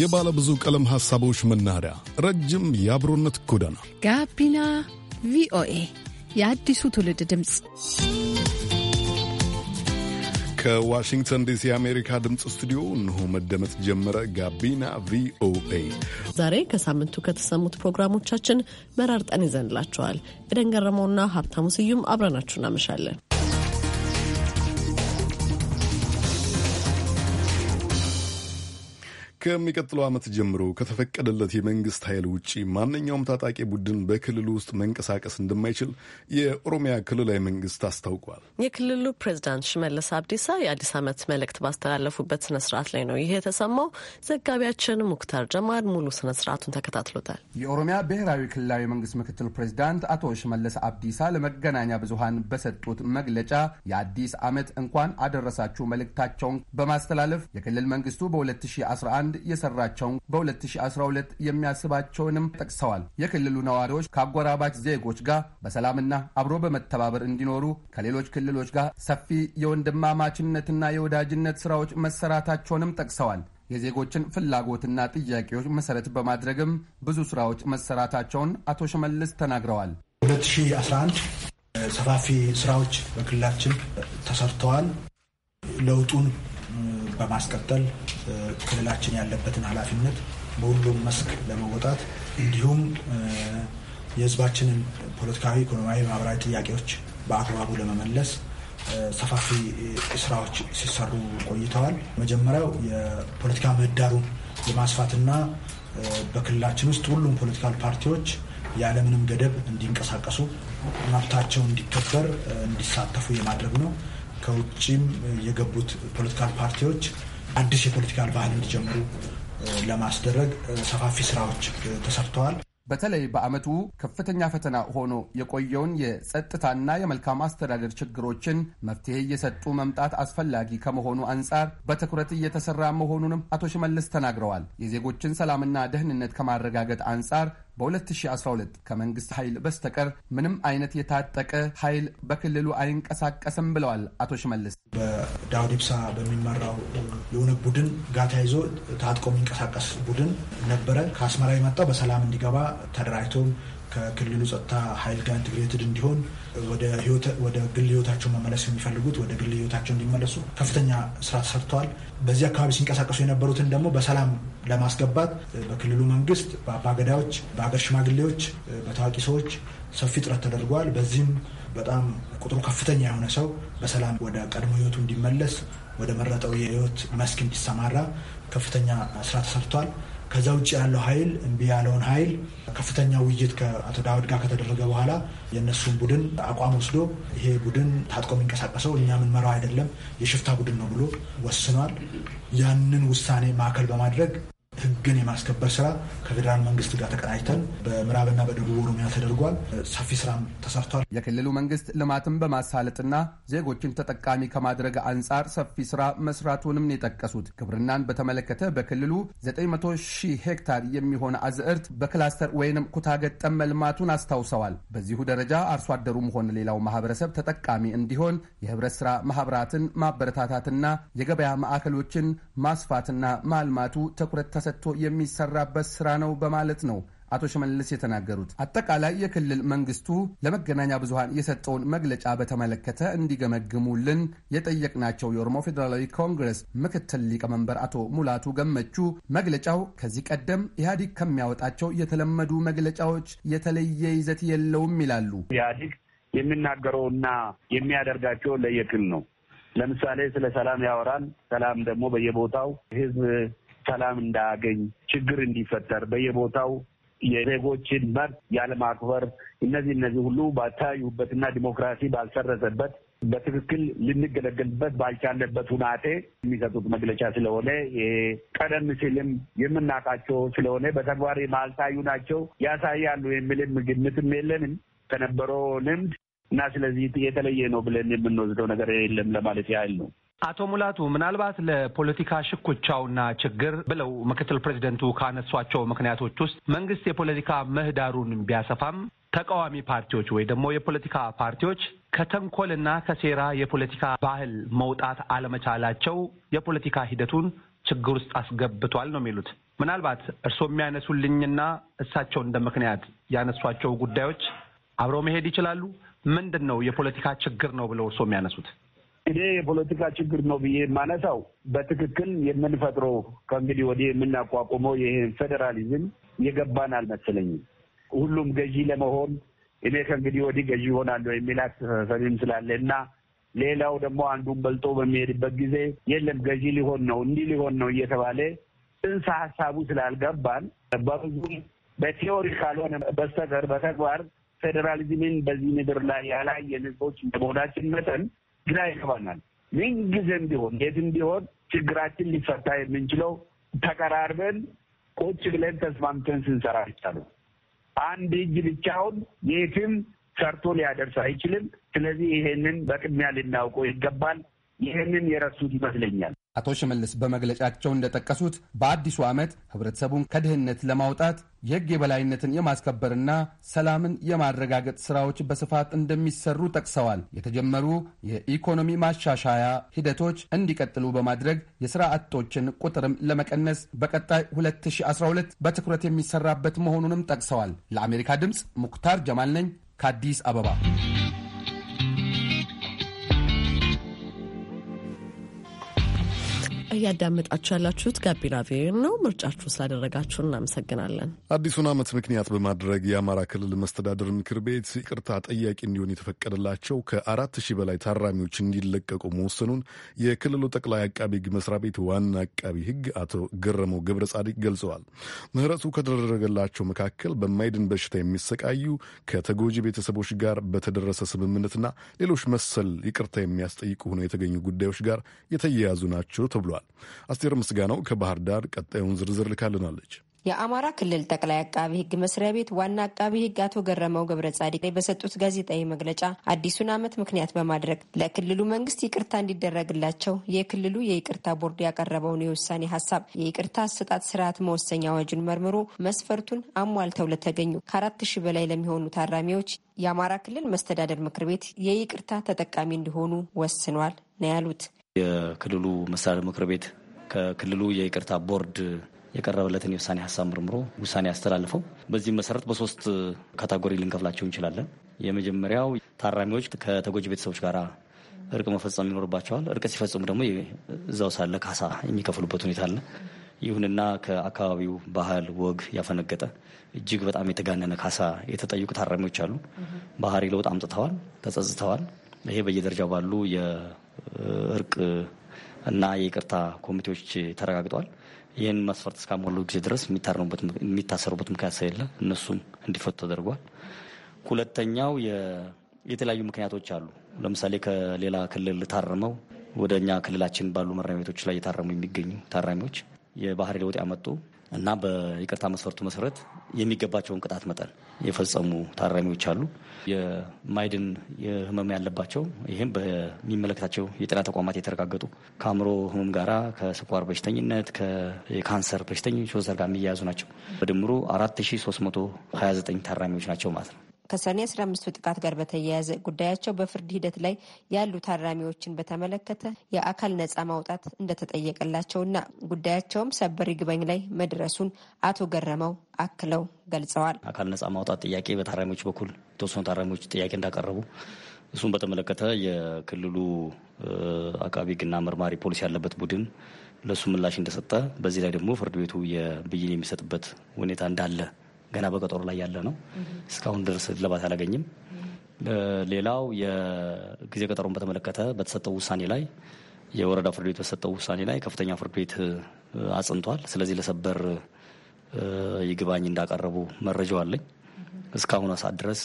የባለ ብዙ ቀለም ሐሳቦች መናኸሪያ፣ ረጅም የአብሮነት ጎዳና ጋቢና ቪኦኤ የአዲሱ ትውልድ ድምፅ ከዋሽንግተን ዲሲ የአሜሪካ ድምፅ ስቱዲዮ እነሆ መደመጥ ጀመረ። ጋቢና ቪኦኤ ዛሬ ከሳምንቱ ከተሰሙት ፕሮግራሞቻችን መራርጠን ይዘንላቸዋል። ኤደን ገረመውና ሀብታሙ ስዩም አብረናችሁ እናመሻለን። ከሚቀጥለው ዓመት ጀምሮ ከተፈቀደለት የመንግስት ኃይል ውጪ ማንኛውም ታጣቂ ቡድን በክልሉ ውስጥ መንቀሳቀስ እንደማይችል የኦሮሚያ ክልላዊ መንግስት አስታውቋል። የክልሉ ፕሬዚዳንት ሽመለስ አብዲሳ የአዲስ ዓመት መልእክት ባስተላለፉበት ስነስርዓት ላይ ነው ይሄ የተሰማው። ዘጋቢያችን ሙክታር ጀማል ሙሉ ስነስርዓቱን ተከታትሎታል። የኦሮሚያ ብሔራዊ ክልላዊ መንግስት ምክትል ፕሬዚዳንት አቶ ሽመለስ አብዲሳ ለመገናኛ ብዙሃን በሰጡት መግለጫ የአዲስ ዓመት እንኳን አደረሳችሁ መልእክታቸውን በማስተላለፍ የክልል መንግስቱ በ2011 ዘንድ የሰራቸውን በ2012 የሚያስባቸውንም ጠቅሰዋል። የክልሉ ነዋሪዎች ከአጎራባች ዜጎች ጋር በሰላምና አብሮ በመተባበር እንዲኖሩ ከሌሎች ክልሎች ጋር ሰፊ የወንድማማችነትና የወዳጅነት ስራዎች መሰራታቸውንም ጠቅሰዋል። የዜጎችን ፍላጎትና ጥያቄዎች መሰረት በማድረግም ብዙ ስራዎች መሰራታቸውን አቶ ሽመልስ ተናግረዋል። 2011 ሰፋፊ ስራዎች በክልላችን ተሰርተዋል። ለውጡን በማስቀጠል ክልላችን ያለበትን ኃላፊነት በሁሉም መስክ ለመወጣት እንዲሁም የህዝባችንን ፖለቲካዊ፣ ኢኮኖሚያዊ፣ ማህበራዊ ጥያቄዎች በአግባቡ ለመመለስ ሰፋፊ ስራዎች ሲሰሩ ቆይተዋል። መጀመሪያው የፖለቲካ ምህዳሩን የማስፋትና በክልላችን ውስጥ ሁሉም ፖለቲካል ፓርቲዎች ያለምንም ገደብ እንዲንቀሳቀሱ መብታቸው እንዲከበር እንዲሳተፉ የማድረግ ነው። ከውጭም የገቡት ፖለቲካል ፓርቲዎች አዲስ የፖለቲካል ባህል እንዲጀምሩ ለማስደረግ ሰፋፊ ስራዎች ተሰርተዋል። በተለይ በዓመቱ ከፍተኛ ፈተና ሆኖ የቆየውን የጸጥታና የመልካም አስተዳደር ችግሮችን መፍትሄ እየሰጡ መምጣት አስፈላጊ ከመሆኑ አንጻር በትኩረት እየተሰራ መሆኑንም አቶ ሽመልስ ተናግረዋል። የዜጎችን ሰላምና ደህንነት ከማረጋገጥ አንጻር በ2012 ከመንግስት ኃይል በስተቀር ምንም አይነት የታጠቀ ኃይል በክልሉ አይንቀሳቀስም ብለዋል አቶ ሽመልስ። በዳውድ ኢብሳ በሚመራው የሆነ ቡድን ጋር ተያይዞ ታጥቆ የሚንቀሳቀስ ቡድን ነበረ። ከአስመራ የመጣው በሰላም እንዲገባ ተደራጅቶ ከክልሉ ጸጥታ ኃይል ጋር ኢንትግሬትድ እንዲሆን ወደ ግል ህይወታቸው መመለስ የሚፈልጉት ወደ ግል ህይወታቸው እንዲመለሱ ከፍተኛ ስራ ተሰርተዋል። በዚህ አካባቢ ሲንቀሳቀሱ የነበሩትን ደግሞ በሰላም ለማስገባት በክልሉ መንግስት፣ በአባገዳዎች፣ በሀገር ሽማግሌዎች፣ በታዋቂ ሰዎች ሰፊ ጥረት ተደርጓል። በዚህም በጣም ቁጥሩ ከፍተኛ የሆነ ሰው በሰላም ወደ ቀድሞ ህይወቱ እንዲመለስ ወደ መረጠው የህይወት መስክ እንዲሰማራ ከፍተኛ ስራ ተሰርቷል። ከዛ ውጭ ያለው ኃይል እምቢ ያለውን ኃይል ከፍተኛ ውይይት ከአቶ ዳውድ ጋር ከተደረገ በኋላ የእነሱን ቡድን አቋም ወስዶ ይሄ ቡድን ታጥቆ የሚንቀሳቀሰው እኛ የምንመራው አይደለም፣ የሽፍታ ቡድን ነው ብሎ ወስኗል። ያንን ውሳኔ ማዕከል በማድረግ ህግን የማስከበር ስራ ከፌዴራል መንግስት ጋር ተቀናጅተን በምዕራብና በደቡብ ኦሮሚያ ተደርጓል። ሰፊ ስራም ተሰርቷል። የክልሉ መንግስት ልማትን በማሳለጥና ዜጎችን ተጠቃሚ ከማድረግ አንጻር ሰፊ ስራ መስራቱንም የጠቀሱት ግብርናን በተመለከተ በክልሉ 900 ሺህ ሄክታር የሚሆን አዝዕርት በክላስተር ወይንም ኩታገጠም ልማቱን አስታውሰዋል። በዚሁ ደረጃ አርሶ አደሩም ሆነ ሌላው ማህበረሰብ ተጠቃሚ እንዲሆን የህብረት ስራ ማህበራትን ማበረታታትና የገበያ ማዕከሎችን ማስፋትና ማልማቱ ትኩረት ተሰ ሰጥቶ የሚሰራበት ስራ ነው በማለት ነው አቶ ሸመልስ የተናገሩት አጠቃላይ የክልል መንግስቱ ለመገናኛ ብዙኃን የሰጠውን መግለጫ በተመለከተ እንዲገመግሙልን የጠየቅናቸው የኦሮሞ ፌዴራላዊ ኮንግረስ ምክትል ሊቀመንበር አቶ ሙላቱ ገመቹ መግለጫው ከዚህ ቀደም ኢህአዲግ ከሚያወጣቸው የተለመዱ መግለጫዎች የተለየ ይዘት የለውም ይላሉ። ኢህአዲግ የሚናገረውና የሚያደርጋቸው ለየክል ነው። ለምሳሌ ስለ ሰላም ያወራል። ሰላም ደግሞ በየቦታው ህዝብ ሰላም እንዳያገኝ፣ ችግር እንዲፈጠር በየቦታው የዜጎችን መብት ያለማክበር እነዚህ እነዚህ ሁሉ ባታዩበትና ዲሞክራሲ ባልሰረሰበት በትክክል ልንገለገልበት ባልቻለበት ሁናቴ የሚሰጡት መግለጫ ስለሆነ ቀደም ሲልም የምናውቃቸው ስለሆነ በተግባር ማልታዩ ናቸው ያሳያሉ የሚልም ግምትም የለንም ከነበረው ልምድ እና ስለዚህ የተለየ ነው ብለን የምንወስደው ነገር የለም ለማለት ያህል ነው። አቶ ሙላቱ ምናልባት ለፖለቲካ ሽኩቻውና ችግር ብለው ምክትል ፕሬዚደንቱ ካነሷቸው ምክንያቶች ውስጥ መንግስት የፖለቲካ ምህዳሩን ቢያሰፋም ተቃዋሚ ፓርቲዎች ወይ ደግሞ የፖለቲካ ፓርቲዎች ከተንኮልና ከሴራ የፖለቲካ ባህል መውጣት አለመቻላቸው የፖለቲካ ሂደቱን ችግር ውስጥ አስገብቷል ነው የሚሉት። ምናልባት እርስዎ የሚያነሱልኝና እሳቸው እንደ ምክንያት ያነሷቸው ጉዳዮች አብረው መሄድ ይችላሉ። ምንድን ነው የፖለቲካ ችግር ነው ብለው እርስዎ የሚያነሱት? እኔ የፖለቲካ ችግር ነው ብዬ የማነሳው በትክክል የምንፈጥረው ከእንግዲህ ወዲህ የምናቋቁመው ይህን ፌዴራሊዝም የገባን አልመሰለኝም። ሁሉም ገዢ ለመሆን እኔ ከእንግዲህ ወዲህ ገዢ እሆናለሁ የሚል አስተሳሰብም ስላለ እና ሌላው ደግሞ አንዱን በልጦ በሚሄድበት ጊዜ የለም ገዢ ሊሆን ነው እንዲህ ሊሆን ነው እየተባለ ጽንሰ ሀሳቡ ስላልገባን በብዙም በቴዎሪ ካልሆነ በስተቀር በተግባር ፌዴራሊዝምን በዚህ ምድር ላይ ያላየን ህዝቦች እንደመሆናችን መጠን ግራ ይገባናል። ምን ቢሆን የትም ቢሆን ችግራችን ሊፈታ የምንችለው ተቀራርበን ቁጭ ብለን ተስማምተን ስንሰራ ይቻሉ አንድ እጅ ብቻውን የትም ሰርቶ ሊያደርስ አይችልም። ስለዚህ ይሄንን በቅድሚያ ልናውቀው ይገባል። ይህንን የረሱት ይመስለኛል። አቶ ሽመልስ በመግለጫቸው እንደጠቀሱት በአዲሱ ዓመት ህብረተሰቡን ከድህነት ለማውጣት የሕግ የበላይነትን የማስከበርና ሰላምን የማረጋገጥ ሥራዎች በስፋት እንደሚሰሩ ጠቅሰዋል። የተጀመሩ የኢኮኖሚ ማሻሻያ ሂደቶች እንዲቀጥሉ በማድረግ የሥራ አጦችን ቁጥርም ለመቀነስ በቀጣይ 2012 በትኩረት የሚሰራበት መሆኑንም ጠቅሰዋል። ለአሜሪካ ድምፅ ሙክታር ጀማል ነኝ ከአዲስ አበባ እያዳመጣችሁ ያላችሁት ጋቢና ቪኦኤ ነው። ምርጫችሁ ስላደረጋችሁ እናመሰግናለን። አዲሱን ዓመት ምክንያት በማድረግ የአማራ ክልል መስተዳደር ምክር ቤት ይቅርታ ጠያቂ እንዲሆን የተፈቀደላቸው ከአራት ሺህ በላይ ታራሚዎች እንዲለቀቁ መወሰኑን የክልሉ ጠቅላይ አቃቢ ሕግ መስሪያ ቤት ዋና አቃቢ ሕግ አቶ ገረመው ገብረ ጻዲቅ ገልጸዋል። ምህረቱ ከተደረገላቸው መካከል በማይድን በሽታ የሚሰቃዩ ከተጎጂ ቤተሰቦች ጋር በተደረሰ ስምምነትና ሌሎች መሰል ይቅርታ የሚያስጠይቁ ሆነው የተገኙ ጉዳዮች ጋር የተያያዙ ናቸው ተብሏል። ይቀጥላል። አስቴር ምስጋናው ከባህር ዳር ቀጣዩን ዝርዝር ልካልናለች። የአማራ ክልል ጠቅላይ አቃቢ ሕግ መስሪያ ቤት ዋና አቃቢ ሕግ አቶ ገረመው ገብረ ጻዲቅ በሰጡት ጋዜጣዊ መግለጫ አዲሱን ዓመት ምክንያት በማድረግ ለክልሉ መንግስት ይቅርታ እንዲደረግላቸው የክልሉ የይቅርታ ቦርድ ያቀረበውን የውሳኔ ሀሳብ የይቅርታ አሰጣጥ ስርዓት መወሰኛ አዋጁን መርምሮ መስፈርቱን አሟልተው ለተገኙ ከአራት ሺህ በላይ ለሚሆኑ ታራሚዎች የአማራ ክልል መስተዳደር ምክር ቤት የይቅርታ ተጠቃሚ እንዲሆኑ ወስኗል ነው ያሉት። የክልሉ መስተዳድር ምክር ቤት ከክልሉ የይቅርታ ቦርድ የቀረበለትን የውሳኔ ሀሳብ ምርምሮ ውሳኔ ያስተላልፈው። በዚህም መሰረት በሶስት ካታጎሪ ልንከፍላቸው እንችላለን። የመጀመሪያው ታራሚዎች ከተጎጂ ቤተሰቦች ጋር እርቅ መፈጸም ይኖርባቸዋል። እርቅ ሲፈጽሙ ደግሞ እዛው ሳለ ካሳ የሚከፍሉበት ሁኔታ አለ። ይሁንና ከአካባቢው ባህል ወግ ያፈነገጠ እጅግ በጣም የተጋነነ ካሳ የተጠየቁ ታራሚዎች አሉ። ባህሪ ለውጥ አምጥተዋል፣ ተጸጽተዋል። ይሄ በየደረጃው ባሉ እርቅ እና የይቅርታ ኮሚቴዎች ተረጋግጠዋል። ይህን መስፈርት እስካሞሉ ጊዜ ድረስ የሚታሰሩበት ምክንያት ስለሌለ እነሱም እንዲፈቱ ተደርጓል። ሁለተኛው የተለያዩ ምክንያቶች አሉ። ለምሳሌ ከሌላ ክልል ታርመው ወደ እኛ ክልላችን ባሉ ማረሚያ ቤቶች ላይ የታረሙ የሚገኙ ታራሚዎች የባህሪ ለውጥ ያመጡ እና በይቅርታ መስፈርቱ መሰረት የሚገባቸውን ቅጣት መጠን የፈጸሙ ታራሚዎች አሉ። የማይድን ህመም ያለባቸው ይህም በሚመለከታቸው የጤና ተቋማት የተረጋገጡ ከአእምሮ ህመም ጋራ ከስኳር በሽተኝነት ከካንሰር በሽተኞች ወዘተ ጋር የሚያያዙ ናቸው። በድምሩ 4329 ታራሚዎች ናቸው ማለት ነው። ከሰኔ 15 ጥቃት ጋር በተያያዘ ጉዳያቸው በፍርድ ሂደት ላይ ያሉ ታራሚዎችን በተመለከተ የአካል ነጻ ማውጣት እንደተጠየቀላቸውና ጉዳያቸውም ሰበር ይግባኝ ላይ መድረሱን አቶ ገረመው አክለው ገልጸዋል። አካል ነጻ ማውጣት ጥያቄ በታራሚዎች በኩል የተወሰኑ ታራሚዎች ጥያቄ እንዳቀረቡ እሱን በተመለከተ የክልሉ አቃቢ ሕግና መርማሪ ፖሊስ ያለበት ቡድን ለእሱ ምላሽ እንደሰጠ በዚህ ላይ ደግሞ ፍርድ ቤቱ የብይን የሚሰጥበት ሁኔታ እንዳለ ገና በቀጠሮ ላይ ያለ ነው። እስካሁን ድረስ እልባት አላገኝም። ሌላው የጊዜ ቀጠሮን በተመለከተ በተሰጠው ውሳኔ ላይ የወረዳ ፍርድ ቤት በተሰጠው ውሳኔ ላይ ከፍተኛ ፍርድ ቤት አጽንቷል። ስለዚህ ለሰበር ይግባኝ እንዳቀረቡ መረጃው አለኝ። እስካሁን ሰዓት ድረስ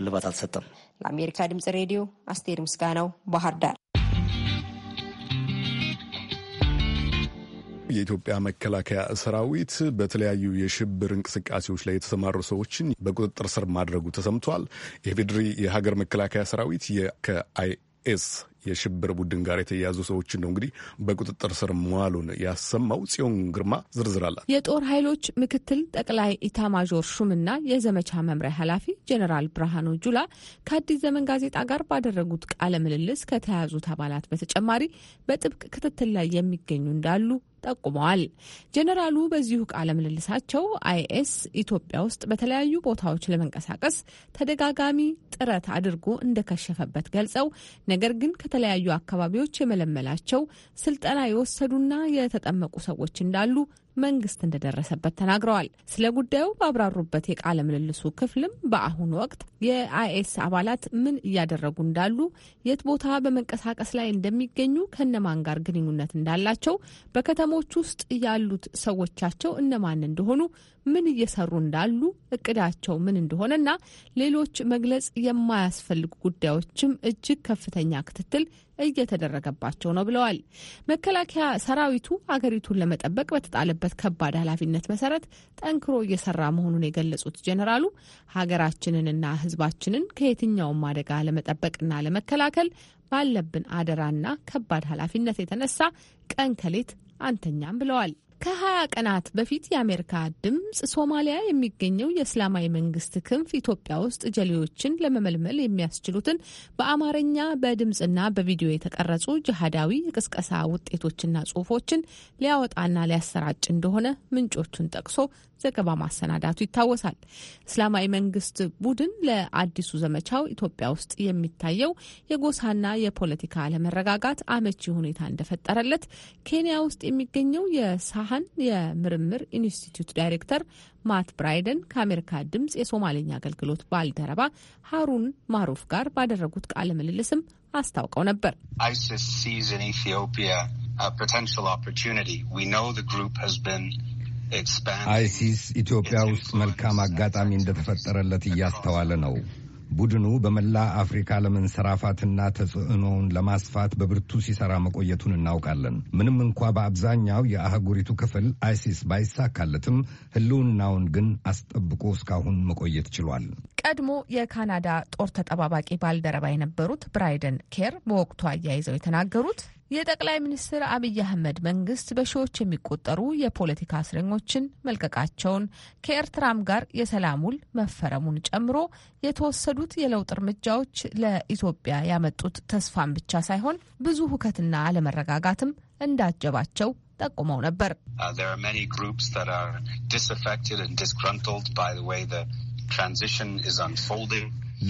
እልባት አልተሰጠም። ለአሜሪካ ድምጽ ሬዲዮ አስቴር ምስጋናው ባህር ዳር። የኢትዮጵያ መከላከያ ሰራዊት በተለያዩ የሽብር እንቅስቃሴዎች ላይ የተሰማሩ ሰዎችን በቁጥጥር ስር ማድረጉ ተሰምቷል። የፌድሪ የሀገር መከላከያ ሰራዊት ከአይኤስ የሽብር ቡድን ጋር የተያያዙ ሰዎችን ነው እንግዲህ በቁጥጥር ስር መዋሉን ያሰማው። ጽዮን ግርማ ዝርዝር አላት። የጦር ኃይሎች ምክትል ጠቅላይ ኢታማዦር ሹምና የዘመቻ መምሪያ ኃላፊ ጀኔራል ብርሃኑ ጁላ ከአዲስ ዘመን ጋዜጣ ጋር ባደረጉት ቃለ ምልልስ ከተያዙት አባላት በተጨማሪ በጥብቅ ክትትል ላይ የሚገኙ እንዳሉ ጠቁመዋል። ጀኔራሉ በዚሁ ቃለ ምልልሳቸው አይኤስ ኢትዮጵያ ውስጥ በተለያዩ ቦታዎች ለመንቀሳቀስ ተደጋጋሚ ጥረት አድርጎ እንደከሸፈበት ገልጸው ነገር ግን ከተለያዩ አካባቢዎች የመለመላቸው ስልጠና የወሰዱና የተጠመቁ ሰዎች እንዳሉ መንግስት እንደደረሰበት ተናግረዋል። ስለ ጉዳዩ ባብራሩበት የቃለ ምልልሱ ክፍልም በአሁኑ ወቅት የአይኤስ አባላት ምን እያደረጉ እንዳሉ፣ የት ቦታ በመንቀሳቀስ ላይ እንደሚገኙ፣ ከነማን ጋር ግንኙነት እንዳላቸው፣ በከተሞች ውስጥ ያሉት ሰዎቻቸው እነማን እንደሆኑ ምን እየሰሩ እንዳሉ፣ እቅዳቸው ምን እንደሆነና ሌሎች መግለጽ የማያስፈልጉ ጉዳዮችም እጅግ ከፍተኛ ክትትል እየተደረገባቸው ነው ብለዋል። መከላከያ ሰራዊቱ አገሪቱን ለመጠበቅ በተጣለበት ከባድ ኃላፊነት መሰረት ጠንክሮ እየሰራ መሆኑን የገለጹት ጀኔራሉ ሀገራችንንና ሕዝባችንን ከየትኛውም አደጋ ለመጠበቅና ለመከላከል ባለብን አደራና ከባድ ኃላፊነት የተነሳ ቀን ከሌት አንተኛም ብለዋል። ከሀያ ቀናት በፊት የአሜሪካ ድምፅ ሶማሊያ የሚገኘው የእስላማዊ መንግስት ክንፍ ኢትዮጵያ ውስጥ ጀሌዎችን ለመመልመል የሚያስችሉትን በአማርኛ በድምፅና በቪዲዮ የተቀረጹ ጅሃዳዊ የቅስቀሳ ውጤቶችና ጽሁፎችን ሊያወጣና ሊያሰራጭ እንደሆነ ምንጮቹን ጠቅሶ ዘገባ ማሰናዳቱ ይታወሳል። እስላማዊ መንግስት ቡድን ለአዲሱ ዘመቻው ኢትዮጵያ ውስጥ የሚታየው የጎሳና የፖለቲካ አለመረጋጋት አመቺ ሁኔታ እንደፈጠረለት ኬንያ ውስጥ የሚገኘው የሳ ብርሃን የምርምር ኢንስቲትዩት ዳይሬክተር ማት ብራይደን ከአሜሪካ ድምፅ የሶማሌኛ አገልግሎት ባልደረባ ሀሩን ማሩፍ ጋር ባደረጉት ቃለ ምልልስም አስታውቀው ነበር። አይሲስ ኢትዮጵያ ውስጥ መልካም አጋጣሚ እንደተፈጠረለት እያስተዋለ ነው። ቡድኑ በመላ አፍሪካ ለመንሰራፋትና ተጽዕኖውን ለማስፋት በብርቱ ሲሰራ መቆየቱን እናውቃለን። ምንም እንኳ በአብዛኛው የአህጉሪቱ ክፍል አይሲስ ባይሳካለትም ሕልውናውን ግን አስጠብቆ እስካሁን መቆየት ችሏል። ቀድሞ የካናዳ ጦር ተጠባባቂ ባልደረባ የነበሩት ብራይደን ኬር በወቅቱ አያይዘው የተናገሩት የጠቅላይ ሚኒስትር አብይ አህመድ መንግስት በሺዎች የሚቆጠሩ የፖለቲካ እስረኞችን መልቀቃቸውን ከኤርትራም ጋር የሰላም ውል መፈረሙን ጨምሮ የተወሰዱት የለውጥ እርምጃዎች ለኢትዮጵያ ያመጡት ተስፋን ብቻ ሳይሆን ብዙ ሁከትና አለመረጋጋትም እንዳጀባቸው ጠቁመው ነበር። uh,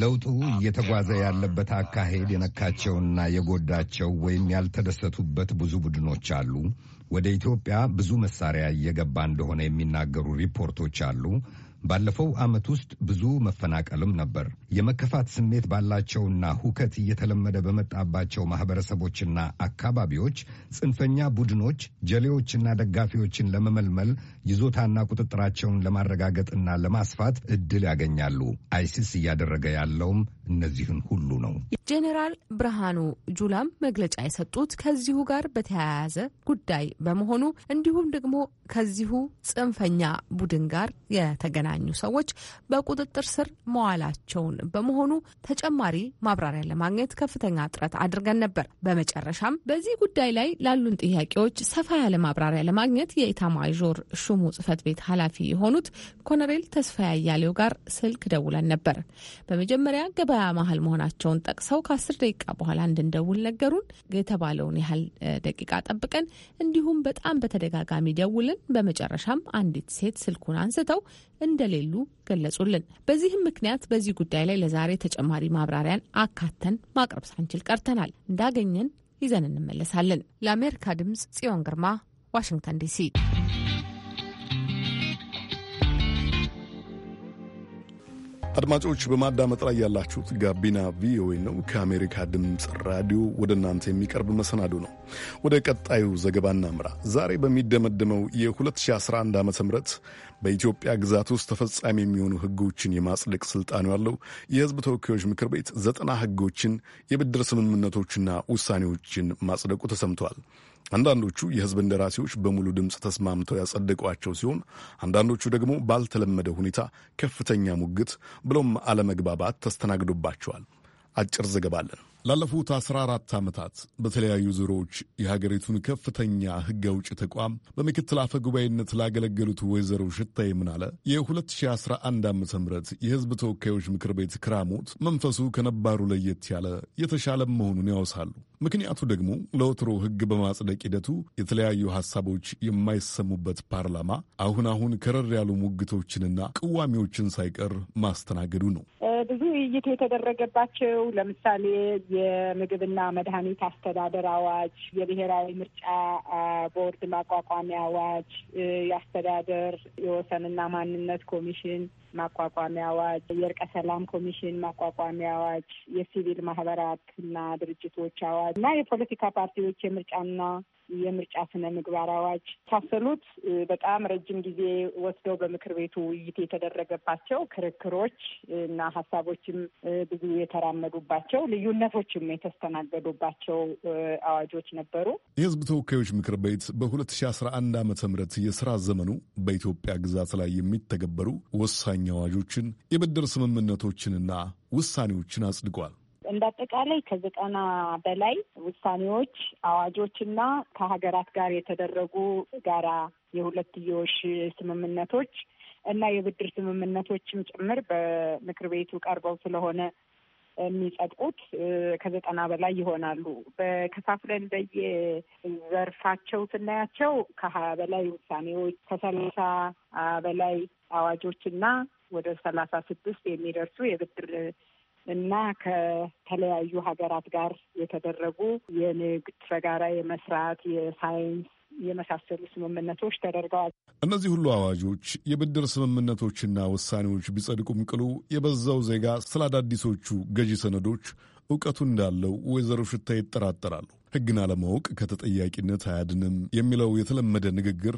ለውጡ እየተጓዘ ያለበት አካሄድ የነካቸውና የጎዳቸው ወይም ያልተደሰቱበት ብዙ ቡድኖች አሉ። ወደ ኢትዮጵያ ብዙ መሳሪያ እየገባ እንደሆነ የሚናገሩ ሪፖርቶች አሉ። ባለፈው ዓመት ውስጥ ብዙ መፈናቀልም ነበር። የመከፋት ስሜት ባላቸውና ሁከት እየተለመደ በመጣባቸው ማህበረሰቦችና አካባቢዎች ጽንፈኛ ቡድኖች ጀሌዎችና ደጋፊዎችን ለመመልመል ይዞታና ቁጥጥራቸውን ለማረጋገጥና ለማስፋት እድል ያገኛሉ። አይሲስ እያደረገ ያለውም እነዚህን ሁሉ ነው። ጄኔራል ብርሃኑ ጁላም መግለጫ የሰጡት ከዚሁ ጋር በተያያዘ ጉዳይ በመሆኑ እንዲሁም ደግሞ ከዚሁ ጽንፈኛ ቡድን ጋር የተገናኙ ሰዎች በቁጥጥር ስር መዋላቸውን በመሆኑ ተጨማሪ ማብራሪያ ለማግኘት ከፍተኛ ጥረት አድርገን ነበር። በመጨረሻም በዚህ ጉዳይ ላይ ላሉን ጥያቄዎች ሰፋ ያለ ማብራሪያ ለማግኘት የኢታማዦር ሹሙ ጽህፈት ቤት ኃላፊ የሆኑት ኮሎኔል ተስፋዬ አያሌው ጋር ስልክ ደውለን ነበር። በመጀመሪያ ገበያ መሀል መሆናቸውን ጠቅሰው ከአስር ደቂቃ በኋላ እንድንደውል ነገሩን። የተባለውን ያህል ደቂቃ ጠብቀን እንዲሁም በጣም በተደጋጋሚ ደውልን። በመጨረሻም አንዲት ሴት ስልኩን አንስተው እንደሌሉ ገለጹልን። በዚህም ምክንያት በዚህ ጉዳይ ላይ ለዛሬ ተጨማሪ ማብራሪያን አካተን ማቅረብ ሳንችል ቀርተናል። እንዳገኘን ይዘን እንመለሳለን። ለአሜሪካ ድምፅ ጽዮን ግርማ ዋሽንግተን ዲሲ አድማጮች በማዳመጥ ላይ ያላችሁት ጋቢና ቪኦኤ ነው። ከአሜሪካ ድምፅ ራዲዮ ወደ እናንተ የሚቀርብ መሰናዶ ነው። ወደ ቀጣዩ ዘገባ እናምራ። ዛሬ በሚደመደመው የ2011 ዓ ም በኢትዮጵያ ግዛት ውስጥ ተፈጻሚ የሚሆኑ ህጎችን የማጽደቅ ስልጣኑ ያለው የህዝብ ተወካዮች ምክር ቤት ዘጠና ህጎችን የብድር ስምምነቶችና ውሳኔዎችን ማጽደቁ ተሰምቷል። አንዳንዶቹ የህዝብ እንደራሴዎች በሙሉ ድምፅ ተስማምተው ያጸደቋቸው ሲሆን አንዳንዶቹ ደግሞ ባልተለመደ ሁኔታ ከፍተኛ ሙግት ብሎም አለመግባባት ተስተናግዶባቸዋል። አጭር ዘገባ አለን። ላለፉት 14 ዓመታት በተለያዩ ዙሮዎች የሀገሪቱን ከፍተኛ ህግ አውጭ ተቋም በምክትል አፈ ጉባኤነት ላገለገሉት ወይዘሮ ሽታይ ምናለ የ2011 ዓ ም የህዝብ ተወካዮች ምክር ቤት ክራሞት መንፈሱ ከነባሩ ለየት ያለ የተሻለ መሆኑን ያወሳሉ። ምክንያቱ ደግሞ ለወትሮ ሕግ በማጽደቅ ሂደቱ የተለያዩ ሀሳቦች የማይሰሙበት ፓርላማ አሁን አሁን ከረር ያሉ ሙግቶችንና ቅዋሚዎችን ሳይቀር ማስተናገዱ ነው። ብዙ ውይይት የተደረገባቸው ለምሳሌ የምግብና መድኃኒት አስተዳደር አዋጅ፣ የብሔራዊ ምርጫ ቦርድ ማቋቋሚያ አዋጅ፣ የአስተዳደር የወሰንና ማንነት ኮሚሽን ማቋቋሚያ አዋጅ፣ የእርቀ ሰላም ኮሚሽን ማቋቋሚያ አዋጅ፣ የሲቪል ማህበራትና ድርጅቶች አዋጅ እና የፖለቲካ ፓርቲዎች የምርጫና የምርጫ ስነ ምግባር አዋጅ ታሰሉት በጣም ረጅም ጊዜ ወስደው በምክር ቤቱ ውይይት የተደረገባቸው ክርክሮች እና ሀሳቦች አዋጆችም ብዙ የተራመዱባቸው ልዩነቶችም የተስተናገዱባቸው አዋጆች ነበሩ። የህዝብ ተወካዮች ምክር ቤት በ2011 ዓ ም የስራ ዘመኑ በኢትዮጵያ ግዛት ላይ የሚተገበሩ ወሳኝ አዋጆችን፣ የብድር ስምምነቶችንና ውሳኔዎችን አጽድቋል። እንደ አጠቃላይ ከዘጠና በላይ ውሳኔዎች፣ አዋጆች እና ከሀገራት ጋር የተደረጉ ጋራ የሁለትዮሽ ስምምነቶች እና የብድር ስምምነቶችም ጭምር በምክር ቤቱ ቀርበው ስለሆነ የሚጸድቁት ከዘጠና በላይ ይሆናሉ። በከፋፍለን በየዘርፋቸው ስናያቸው ከሀያ በላይ ውሳኔዎች ከሰላሳ በላይ አዋጆች እና ወደ ሰላሳ ስድስት የሚደርሱ የብድር እና ከተለያዩ ሀገራት ጋር የተደረጉ የንግድ በጋራ የመስራት የሳይንስ የመሳሰሉ ስምምነቶች ተደርገዋል። እነዚህ ሁሉ አዋጆች፣ የብድር ስምምነቶችና ውሳኔዎች ቢጸድቁም ቅሉ የበዛው ዜጋ ስለ አዳዲሶቹ ገዢ ሰነዶች እውቀቱ እንዳለው ወይዘሮ ሽታ ይጠራጠራሉ። ሕግን አለማወቅ ከተጠያቂነት አያድንም የሚለው የተለመደ ንግግር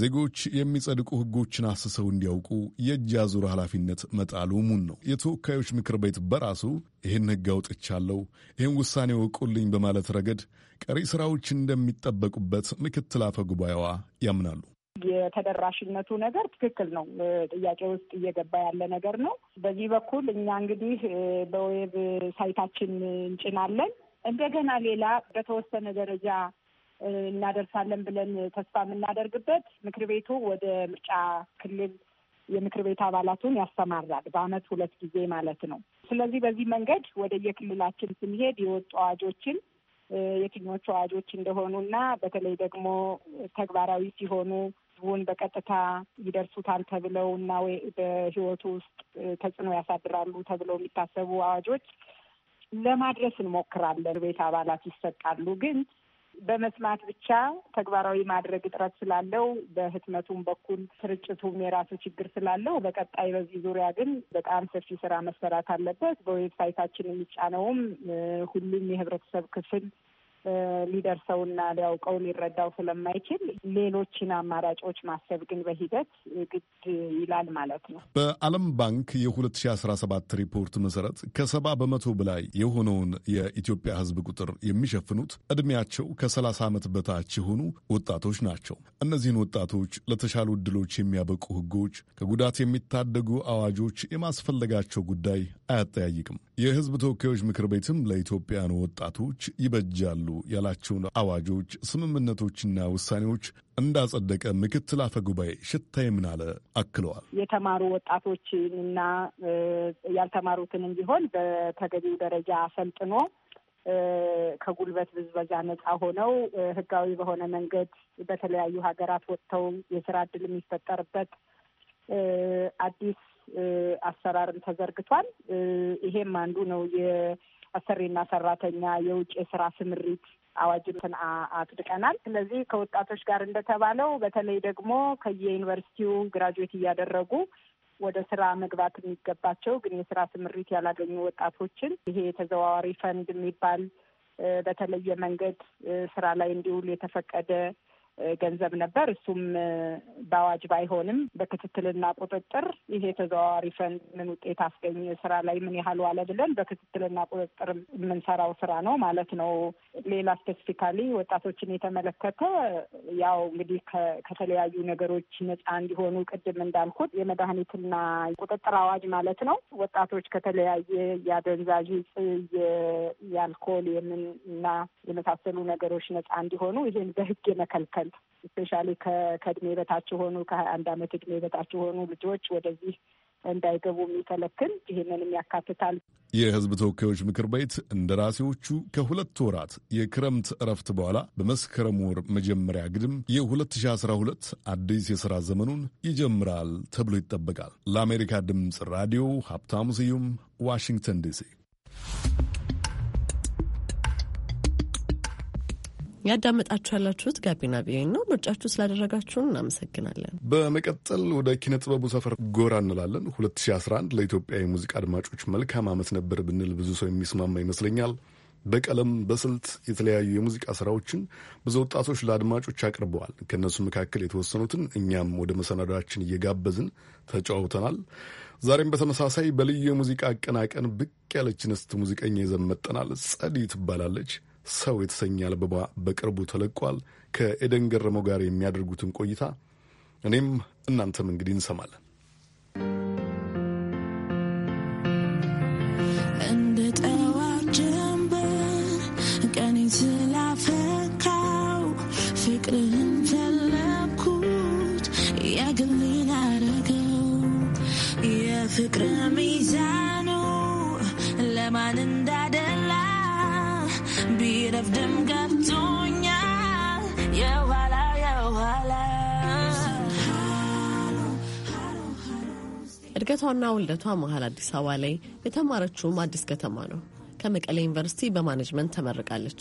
ዜጎች የሚጸድቁ ሕጎችን አስሰው እንዲያውቁ የእጅ አዙር ኃላፊነት መጣሉ ሙን ነው። የተወካዮች ምክር ቤት በራሱ ይህን ሕግ አውጥቻለሁ፣ ይህን ውሳኔ ወቁልኝ በማለት ረገድ ቀሪ ስራዎች እንደሚጠበቁበት ምክትል አፈ ጉባኤዋ ያምናሉ። የተደራሽነቱ ነገር ትክክል ነው፣ ጥያቄ ውስጥ እየገባ ያለ ነገር ነው። በዚህ በኩል እኛ እንግዲህ በዌብ ሳይታችን እንጭናለን። እንደገና ሌላ በተወሰነ ደረጃ እናደርሳለን ብለን ተስፋ የምናደርግበት ምክር ቤቱ ወደ ምርጫ ክልል የምክር ቤት አባላቱን ያሰማራል በአመት ሁለት ጊዜ ማለት ነው። ስለዚህ በዚህ መንገድ ወደ የክልላችን ስንሄድ የወጡ አዋጆችን የትኞቹ አዋጆች እንደሆኑ እና በተለይ ደግሞ ተግባራዊ ሲሆኑ ህዝቡን በቀጥታ ይደርሱታል ተብለው እና ወይ በህይወቱ ውስጥ ተጽዕኖ ያሳድራሉ ተብለው የሚታሰቡ አዋጆች ለማድረስ እንሞክራለን። ቤት አባላት ይሰጣሉ ግን በመስማት ብቻ ተግባራዊ ማድረግ እጥረት ስላለው በህትመቱም በኩል ስርጭቱም የራሱ ችግር ስላለው በቀጣይ በዚህ ዙሪያ ግን በጣም ሰፊ ስራ መሰራት አለበት። በዌብሳይታችን የሚጫነውም ሁሉም የህብረተሰብ ክፍል ሊደርሰውና ሊያውቀው ሊረዳው ስለማይችል ሌሎችን አማራጮች ማሰብ ግን በሂደት ግድ ይላል ማለት ነው። በዓለም ባንክ የ2017 ሪፖርት መሰረት ከሰባ በመቶ በላይ የሆነውን የኢትዮጵያ ሕዝብ ቁጥር የሚሸፍኑት እድሜያቸው ከ30 ዓመት በታች የሆኑ ወጣቶች ናቸው። እነዚህን ወጣቶች ለተሻሉ እድሎች የሚያበቁ ሕጎች፣ ከጉዳት የሚታደጉ አዋጆች የማስፈለጋቸው ጉዳይ አያጠያይቅም። የሕዝብ ተወካዮች ምክር ቤትም ለኢትዮጵያውያኑ ወጣቶች ይበጃሉ ያላቸውን አዋጆች፣ ስምምነቶችና ውሳኔዎች እንዳጸደቀ ምክትል አፈ ጉባኤ ሽታዬ አለ አክለዋል። የተማሩ ወጣቶችንና ያልተማሩትንም ቢሆን በተገቢው ደረጃ አሰልጥኖ ከጉልበት ብዝበዛ ነጻ ሆነው ህጋዊ በሆነ መንገድ በተለያዩ ሀገራት ወጥተው የስራ እድል የሚፈጠርበት አዲስ አሰራርን ተዘርግቷል። ይሄም አንዱ ነው አሰሪና ሰራተኛ የውጭ የስራ ስምሪት አዋጅን አጽድቀናል። ስለዚህ ከወጣቶች ጋር እንደተባለው በተለይ ደግሞ ከየዩኒቨርሲቲው ግራጁዌት እያደረጉ ወደ ስራ መግባት የሚገባቸው ግን የስራ ስምሪት ያላገኙ ወጣቶችን ይሄ የተዘዋዋሪ ፈንድ የሚባል በተለየ መንገድ ስራ ላይ እንዲውል የተፈቀደ ገንዘብ ነበር። እሱም በአዋጅ ባይሆንም በክትትልና ቁጥጥር ይሄ ተዘዋዋሪ ፈንድ ምን ውጤት አስገኘ፣ ስራ ላይ ምን ያህል ዋለ ብለን በክትትልና ቁጥጥር የምንሰራው ስራ ነው ማለት ነው። ሌላ ስፔሲፊካሊ ወጣቶችን የተመለከተ ያው እንግዲህ ከተለያዩ ነገሮች ነጻ እንዲሆኑ ቅድም እንዳልኩት የመድኃኒትና ቁጥጥር አዋጅ ማለት ነው። ወጣቶች ከተለያየ የአደንዛዥ የአልኮል የምን እና የመሳሰሉ ነገሮች ነጻ እንዲሆኑ ይህን በህግ የመከልከል ስፔሻሊ ከእድሜ በታች የሆኑ ከሀያ አንድ አመት እድሜ በታች የሆኑ ልጆች ወደዚህ እንዳይገቡ የሚከለክል ይህንንም ያካትታል። የህዝብ ተወካዮች ምክር ቤት እንደራሴዎቹ ከሁለት ወራት የክረምት እረፍት በኋላ በመስከረም ወር መጀመሪያ ግድም የ2012 አዲስ የሥራ ዘመኑን ይጀምራል ተብሎ ይጠበቃል። ለአሜሪካ ድምፅ ራዲዮ ሀብታሙ ስዩም ዋሽንግተን ዲሲ ያዳመጣችሁ ያላችሁት ጋቢና ብሄ ነው። ምርጫችሁ ስላደረጋችሁን እናመሰግናለን። በመቀጠል ወደ ኪነ ጥበቡ ሰፈር ጎራ እንላለን። 2011 ለኢትዮጵያ የሙዚቃ አድማጮች መልካም ዓመት ነበር ብንል ብዙ ሰው የሚስማማ ይመስለኛል። በቀለም በስልት የተለያዩ የሙዚቃ ስራዎችን ብዙ ወጣቶች ለአድማጮች አቅርበዋል። ከእነሱ መካከል የተወሰኑትን እኛም ወደ መሰናዳችን እየጋበዝን ተጫውተናል። ዛሬም በተመሳሳይ በልዩ የሙዚቃ አቀናቀን ብቅ ያለችን ስት ሙዚቀኛ ይዘን መጠናል። ጸዲ ትባላለች። ሰው የተሰኘ አልበባ በቅርቡ ተለቋል። ከኤደን ገረመው ጋር የሚያደርጉትን ቆይታ እኔም እናንተም እንግዲህ እንሰማለን። እንደ ጠዋት ጀንበር ቀኔ ስላፈካው ፍቅርህን የፍቅር እድገቷና ውልደቷ መሀል አዲስ አበባ ላይ የተማረችውም አዲስ ከተማ ነው። ከመቀሌ ዩኒቨርሲቲ በማኔጅመንት ተመርቃለች።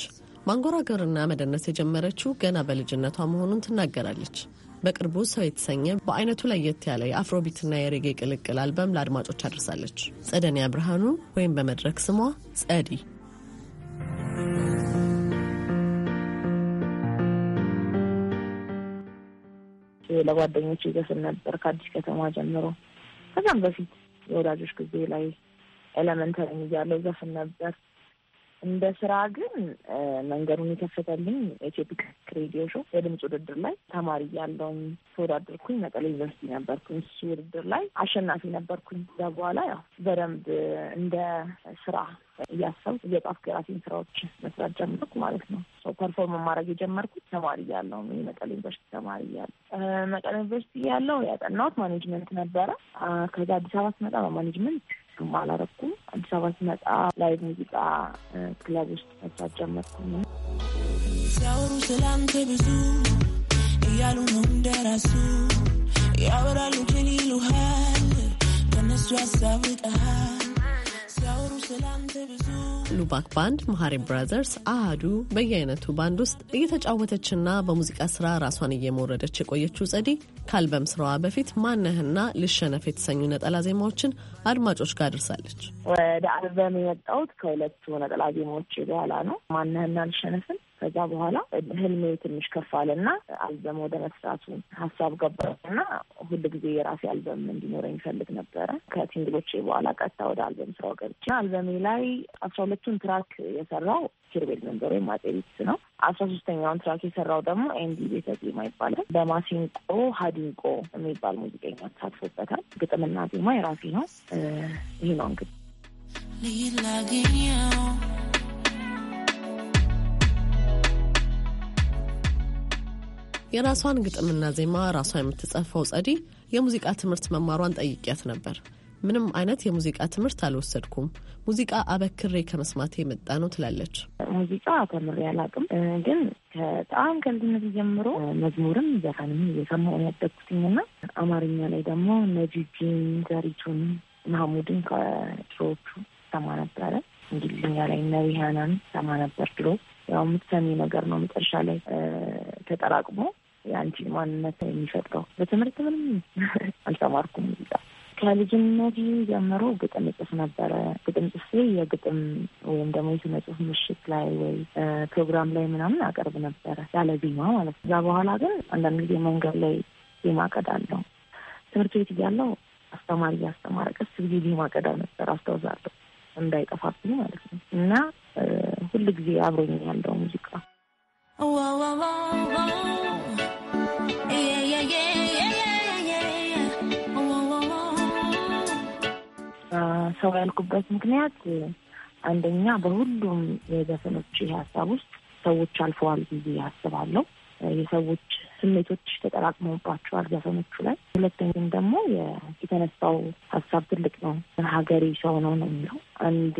ማንጎራገርና መደነስ የጀመረችው ገና በልጅነቷ መሆኑን ትናገራለች። በቅርቡ ሰው የተሰኘ በአይነቱ ለየት ያለ የአፍሮቢትና የሬጌ ቅልቅል አልበም ለአድማጮች አድርሳለች። ጸደኒያ ብርሃኑ ወይም በመድረክ ስሟ ጸዲ ለጓደኞች ይዘፍን ነበር ከአዲስ ከተማ ጀምሮ ከዛም በፊት የወዳጆች ጊዜ ላይ ኤለመንተሪ እያለሁ ዘፍን ነበር። እንደ ስራ ግን መንገዱን የከፈተልኝ ኢትዮፒክ ሬዲዮ ሾው የድምፅ ውድድር ላይ ተማሪ ያለውን ተወዳደርኩኝ። መቀሌ ዩኒቨርሲቲ ነበርኩኝ። እሱ ውድድር ላይ አሸናፊ ነበርኩኝ። እዛ በኋላ ያው በደንብ እንደ ስራ እያሰብኩ እየጻፍኩ የራሴን ስራዎች መስራት ጀመርኩ ማለት ነው። ሰው ፐርፎርም ማድረግ የጀመርኩት ተማሪ ያለው መቀሌ ዩኒቨርሲቲ ተማሪ ያለ መቀሌ ዩኒቨርሲቲ ያለው ያጠናሁት ማኔጅመንት ነበረ። ከዛ አዲስ አበባ ስመጣ በማኔጅመንት እሱም አላረኩም። አዲስ አበባ ሲመጣ ላይ ሙዚቃ ክለብ ውስጥ መስራት ጀመርኩኝ። ሲያወሩ ስላንተ ብዙ እያሉ ነው እንደራሱ ያወራሉ ግን ይሉሃል ከነሱ ያሳብጠሃል ሉባክ ባንድ፣ መሀሪ ብራዘርስ፣ አህዱ በየአይነቱ ባንድ ውስጥ እየተጫወተችና በሙዚቃ ስራ ራሷን እየመወረደች የቆየችው ጸዲ ከአልበም ስራዋ በፊት ማነህና ልሸነፍ የተሰኙ ነጠላ ዜማዎችን አድማጮች ጋር ደርሳለች። ወደ አልበም የመጣሁት ከሁለቱ ነጠላ ዜማዎች በኋላ ነው። ማነህና ልሸነፍን ከዛ በኋላ ህልሜ ትንሽ ከፋል እና አልበም ወደ መስራቱ ሀሳብ ገባ እና ሁል ጊዜ የራሴ አልበም እንዲኖረኝ ይፈልግ ነበረ። ከሲንግሎቼ በኋላ ቀጥታ ወደ አልበም ስራው ገብቼ አልበሜ ላይ አስራ ሁለቱን ትራክ የሰራው ኪሩቤል መንበር ወይም አጤ ቤትስ ነው። አስራ ሶስተኛውን ትራክ የሰራው ደግሞ ኤንዲ ቤተዜማ ይባላል። በማሲንቆ ሀዲንቆ የሚባል ሙዚቀኛ ተሳትፎበታል። ግጥምና ዜማ የራሴ ነው። ይህ ነው እንግዲህ ሌላ የራሷን ግጥምና ዜማ ራሷ የምትጽፈው ጸዲ የሙዚቃ ትምህርት መማሯን ጠይቄያት ነበር። ምንም አይነት የሙዚቃ ትምህርት አልወሰድኩም፣ ሙዚቃ አበክሬ ከመስማቴ የመጣ ነው ትላለች። ሙዚቃ ተምሬ አላውቅም፣ ግን በጣም ከልጅነት ጀምሮ መዝሙርም ዘፈንም እየሰማሁ ያደግኩትኝ እና አማርኛ ላይ ደግሞ ነጂጂን፣ ዘሪቱን፣ ማህሙድን ከድሮዎቹ ሰማ ነበረ። እንግሊዝኛ ላይ እነ ሰማ ነበር ድሮ። ያው የምትሰሚ ነገር ነው መጨረሻ ላይ ተጠራቅሞ የአንቺን ማንነት የሚፈጥረው። በትምህርት ምንም አልተማርኩም ሙዚቃ ከልጅነት ጀምሮ ግጥም ጽፍ ነበረ። ግጥም ጽፌ የግጥም ወይም ደግሞ የስነ ጽሁፍ ምሽት ላይ ወይ ፕሮግራም ላይ ምናምን አቀርብ ነበረ ያለ ዜማ ማለት ነው። እዛ በኋላ ግን አንዳንድ ጊዜ መንገድ ላይ ዜማ ቀዳለው። ትምህርት ቤት እያለው አስተማሪ እያስተማረ ቀስ ጊዜ ዜማ ቀዳ ነበር አስታውሳለሁ፣ እንዳይጠፋብኝ ማለት ነው። እና ሁል ጊዜ አብሮኝ ያለው ሰው ያልኩበት ምክንያት አንደኛ በሁሉም የዘፈኖች ሀሳብ ውስጥ ሰዎች አልፈዋል ብዬ አስባለሁ። የሰዎች ስሜቶች ተጠራቅመውባቸዋል ዘፈኖቹ ላይ። ሁለተኛም ደግሞ የተነሳው ሀሳብ ትልቅ ነው። ሀገሬ ሰው ነው ነው የሚለው አንድ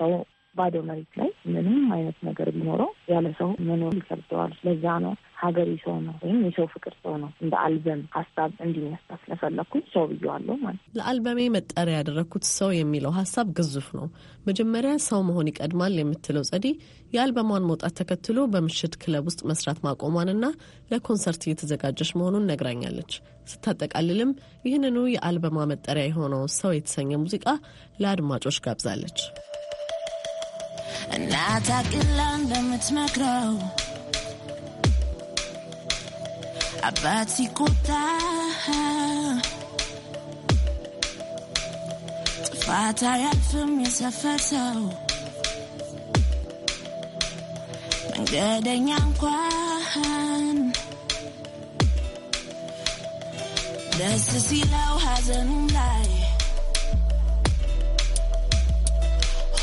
ሰው ባዶ መሬት ላይ ምንም አይነት ነገር ቢኖረው ያለ ሰው መኖር ይከብደዋል። ለዛ ነው ሀገር ሰው ነው ወይም የሰው ፍቅር ሰው ነው እንደ አልበም ሀሳብ እንዲነሳ ስለፈለግኩኝ ሰው ብየዋለሁ ማለት ነው። ለአልበሜ መጠሪያ ያደረግኩት ሰው የሚለው ሀሳብ ግዙፍ ነው። መጀመሪያ ሰው መሆን ይቀድማል የምትለው ጸዲ የአልበሟን መውጣት ተከትሎ በምሽት ክለብ ውስጥ መስራት ማቆሟንና ለኮንሰርት እየተዘጋጀች መሆኑን ነግራኛለች። ስታጠቃልልም ይህንኑ የአልበሟ መጠሪያ የሆነው ሰው የተሰኘ ሙዚቃ ለአድማጮች ጋብዛለች። እናት አቅላ እንደምትመክረው አባት ሲቆጣ ጥፋት አያልፍም የሰፈር ሰው መንገደኛ እንኳን ደስ ሲለው ሐዘኑም ላይ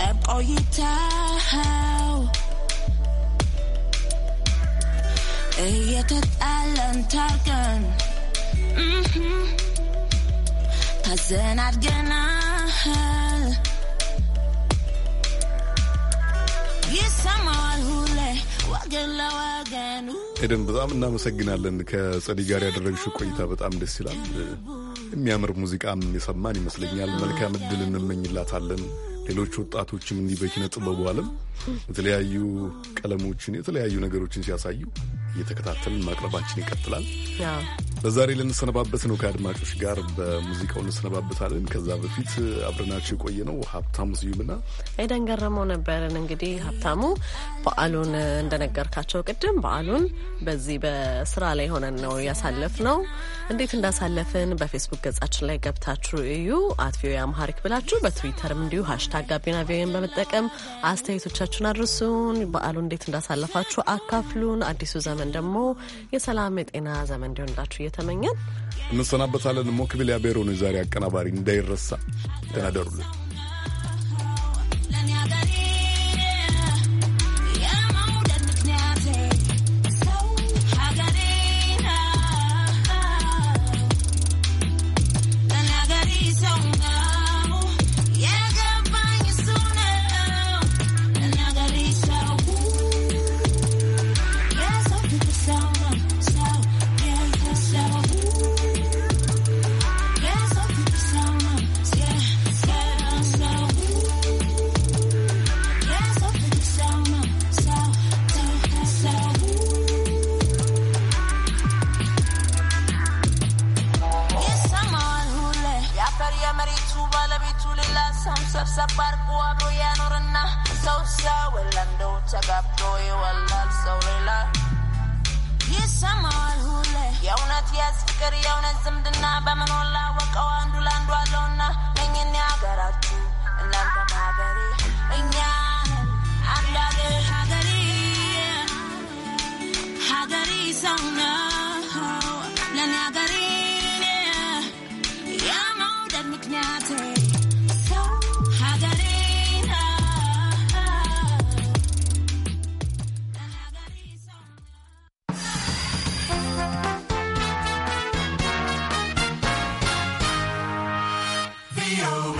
ጠብ ቆይታው እየተጣለን ታርቀን ታዘን አድገናል። ይሰማዋል ሁሌ ወገን ለወገኑ። ኤደን በጣም እናመሰግናለን። ከጸዲ ጋር ያደረግሽው ቆይታ በጣም ደስ ይላል። የሚያምር ሙዚቃም የሰማን ይመስለኛል። መልካም እድል እንመኝላታለን። ሌሎች ወጣቶችም እንዲህ በኪነ ጥበቡ ዓለም የተለያዩ ቀለሞችን የተለያዩ ነገሮችን ሲያሳዩ እየተከታተልን ማቅረባችን ይቀጥላል። ለዛሬ ልንሰነባበት ነው። ከአድማጮች ጋር በሙዚቃው እንሰነባበታለን። ከዛ በፊት አብረናቸው የቆየ ነው ሀብታሙ ስዩምና ኤደን ገረመው ነበርን። እንግዲህ ሀብታሙ በዓሉን እንደነገርካቸው ቅድም በዓሉን በዚህ በስራ ላይ ሆነን ነው ያሳለፍ ነው። እንዴት እንዳሳለፍን በፌስቡክ ገጻችን ላይ ገብታችሁ እዩ። አት ቪኦኤ ብላችሁ በትዊተርም እንዲሁ ሀሽታግ ጋቢና ቪዮን በመጠቀም አስተያየቶቻችሁን አድርሱን። በዓሉ እንዴት እንዳሳለፋችሁ አካፍሉን። አዲሱ ዘመን ዘመን ደግሞ የሰላም የጤና ዘመን እንዲሆንላችሁ እየተመኘን እንሰናበታለን። ሞክቢል ያቤሮ ነው የዛሬ አቀናባሪ። እንዳይረሳ ተናደሩልን።